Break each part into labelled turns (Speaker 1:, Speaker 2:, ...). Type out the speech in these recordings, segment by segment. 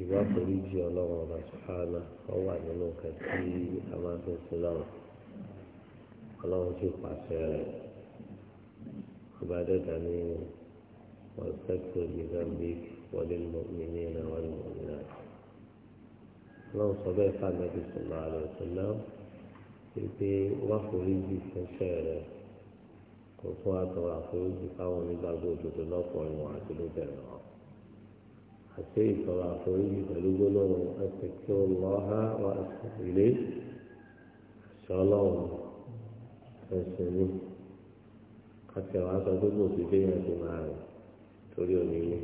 Speaker 1: ìwà àforíjì ọlọ́run ọba sùhánà ọ wà nínú nǹkan tí a máa fi ń sin lọ́rùn ọlọ́run sì pàṣẹ rẹ̀ ọba dẹ́ta ní wọ́n sẹ́kù ìgbàgbé wọlé mọ̀mìnì náà wọ́n mọ̀mìnì náà ọlọ́run sọ bẹ́ẹ̀ fàgbẹ́bí sọ̀rọ̀ àlọ́ ìṣẹ̀lẹ̀ pé wọ́n àforíjì fẹ́ṣẹ̀ rẹ̀ kò fún àtọ̀rọ̀ àforíjì fáwọn onígbàgbọ́ òdodo lọ́kùnrin wọn àti lóbẹ̀rẹ̀ wọn àti ìtọ̀rọ̀ àforíjì pẹ̀lú gbólóhùn ẹ̀sẹ̀kẹ́ ọlọ́ha wa ẹ̀sẹ̀ ilé ṣọlọ́run ẹ̀sìn ní kàtẹ́ wàá sọ pé kò sí déyàn ti máa rìn torí onílé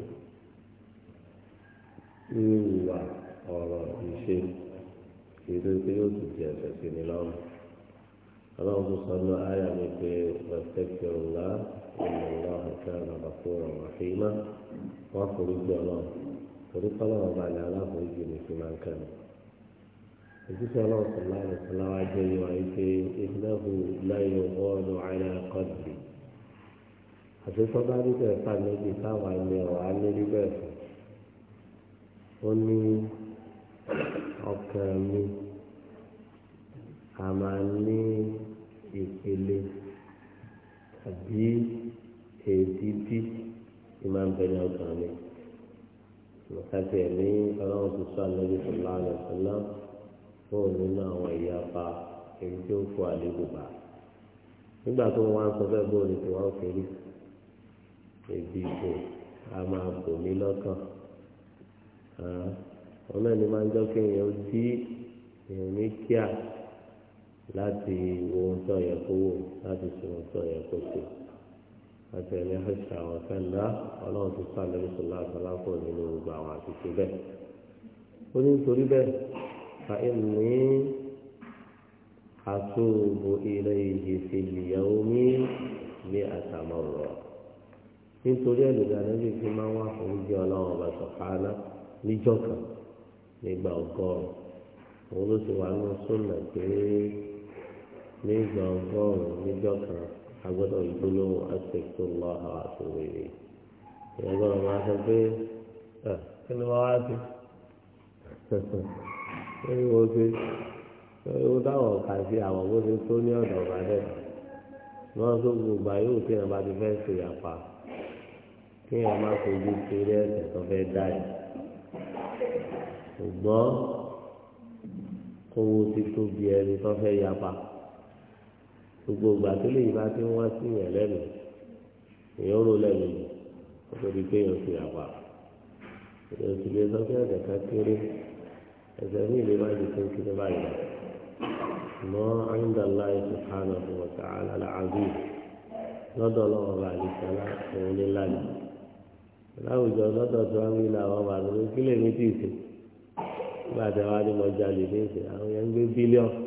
Speaker 1: ìwà ọ̀rọ̀ ìṣe ìṣe pé yóò tún di ẹ̀sẹ̀ sí ni lọ́rùn ọlọ́run tó sọ lọ ayà mi pé ẹ̀sẹ̀kẹ́ ọ̀la ìlú ọ̀la ọ̀kẹ́ ọ̀la bàkúrọ̀ wàhíìmá wọ́n forí gbé ọlọ́run torí kọ́lọ́ ọba ni aláforíjì ni fi máa ń kàn mí. ojúṣe ọlọ́run sọ̀lá rẹ̀ sọ̀lá wa jẹ́ yọ àyíké ìdílẹ́hùn láyé ọgọ́rùn-ún àyà kọ́ọ̀dì. àtúntọ́ bá rí bẹ́ẹ̀ fà méjì táwọn ẹni ọ̀rọ̀ ní rí bẹ́ẹ̀ fún. ó ní ọkàn mi a máa ní ìpele àbí èdìdí ìmáa ń bẹ ní ọkàn mi ìkàtí ẹ̀mí ọlọ́run ti sọ àlejò sọlá rẹ̀ sọlá fún nínú àwọn ìyá apá èyí tí ó fọ àlejò bá nígbà tó wọn á sọ fẹ́ bóòlù tí wọ́n fi rí èdè ìbò a máa bò mí lọ́kàn ọ̀nà ni máa ń jọ́ kí èèyàn dí èèyàn ní kíá láti wo ohun yẹ kó láti sọ ohun yẹ kó ṣe àti ẹni ẹ̀ṣẹ̀ àwọn sẹ́ńdá ọlọ́run ti sá lórí sọlá àtàlá pọ̀ nínú gbogbo àwọn àtúnṣe bẹ́ẹ̀. ó ní nítorí bẹ́ẹ̀ fa ẹ̀mí àtúbù ilé ìyè fi ìyàwó mi ní àtàmọ̀rọ̀. nítorí ẹ̀lùdà níbi tí máa ń wá fún jẹ́ ọlọ́run ọba sọ̀hánà níjọ́ kan nígbà ọgọ́rùn òun ló ti wà nínú sọ́nà pé nígbà ọgọ́rùn níjọ́ kan agbọ́dọ̀ ìgbólóhùn àtẹ̀kọ́ lọ́hà àtúwò ìwé ìyẹn gbọ́dọ̀ máa sọ pé ẹ ah, kí ni wọ́n wá sí kí ni wọ́n ṣe ewu táwọn kà sí àwọn bó ṣe tó ní ọ̀dọ̀ ọ̀gá dẹ̀ wọ́n tó gbogbo àyè òtí ẹ̀ bá ti fẹ́ ṣe àpá kí ẹ̀ má fojú kéré ẹ̀sẹ̀ tó fẹ́ dá ẹ̀ ṣùgbọ́n owó ti tóbi ẹni tó fẹ́ yapa. gbogbo ìgbà tó lè bá ti ń wá sí yẹn lẹ́nu èèyàn rò lẹ́nu kó tó di pé èèyàn ti àpà èèyàn ti lè sọ pé ẹ̀jẹ̀ ká kéré ẹ̀jẹ̀ ní ìlera ju tó ń kéré báyìí lọ. mọ ayélujára ètò hànà ọ̀tá alálàájú lọ́dọ̀ ọlọ́wọ́ bá àdìsálá òun ní lálẹ́ láwùjọ lọ́dọ̀ tó wáá ń wílà bàbá mi kí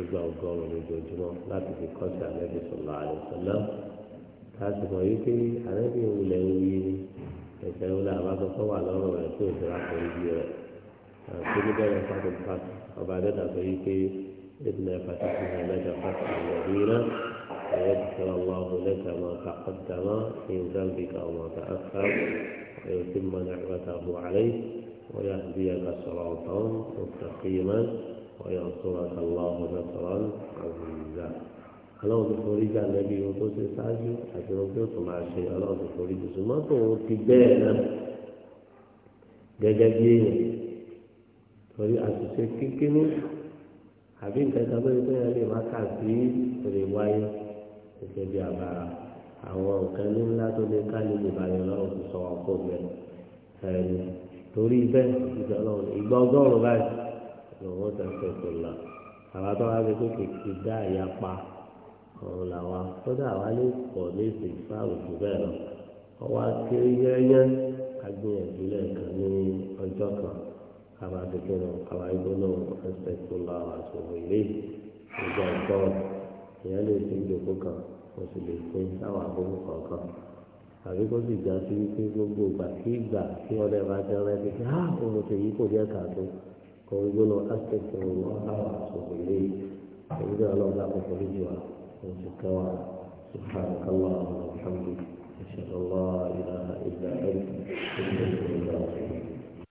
Speaker 1: ìgbà ọgọ́rùn lójoojúmọ́ láti fi kọ́ sí là bá gbọ́ wà lọ́rọ̀ rẹ̀ tó o sọ̀rọ̀ àkọ́rí àlẹ́bí sọ̀lá àlẹ́sọ̀lá láti mọ̀ yí pé ale bi àlẹ́bí ìwúlẹ̀ wuyí ni ẹ̀sẹ̀ ìwúlẹ̀ àbátọ́kọ́ wà loro rẹ̀ tó ìdúrà kọ́ ibi rẹ̀ àti níbẹ̀rẹ̀ pàtó pàtó ọba àdẹ́dà sọ yí pé ìdílé pàtó fún ẹ̀lẹ́dà pàtó ìwọ̀dúnrà ويغفر الله لك ما تقدم من ذنبك أو ما تأخر ويتم نعمته عليك ويهديك صراطا مستقيما وينصرك الله نصرا عزيزا ọlọ́run ti forí jà lẹ́bi ohun tó ṣe ṣáájú àti ohun tó tún máa ṣe ọlọ́run ti forí jù ṣùgbọ́n tòun ti bẹ́ẹ̀ náà gẹ́gẹ́ bí èèyàn torí àṣìṣe kékeré àbí nǹkan kan lórí pé ẹni máa kà sí èrè wáyé gẹ́gẹ́ bí àbára àwọn nǹkan ní ńlá tó lè ká lè bàyẹ̀ ọlọ́run ti sọ wọn kó bẹ́ẹ̀ ẹ̀rí torí bẹ́ẹ̀ ìgbà ọgọ́rùn-ún báyìí lọ́wọ́ tẹ̀sọ̀tọ̀ là àwa tó wá fi kókè ti dá ìyá pa ọ̀rọ̀ làwa kódà àwa lè pọ̀ léṣe fáwọn òjò bẹ́ẹ̀ lọ ọwọ́ akéré yẹ́yẹ́ agbóyànjú lẹ́ẹ̀kan ní ọjọ́ kan àwa kékeré àwa ìgbóná ẹ̀sẹ̀tọ̀ là wà sọ̀rọ̀ ilé ìjọ ìtọ́ ìyẹn lè ti gbogbo kan mo sì lè pín sáwọn àbúrò kọ̀ọ̀kan àbí kó sì já sí wípé gbogbo ìgbà kí ìgbà kí ọlẹ́ bá ah, jẹ́ rẹ́ òun gbọ́dọ̀ aspect ọ̀rọ̀ àwọn àtúntò ilé èyí náà lọ́wọ́ dáàbò pẹ̀lú jù wá òun ti kọ́ wa سبحانك اللهم وبحمدك أشهد أن لا إله إلا أنت أستغفرك وأتوب إليك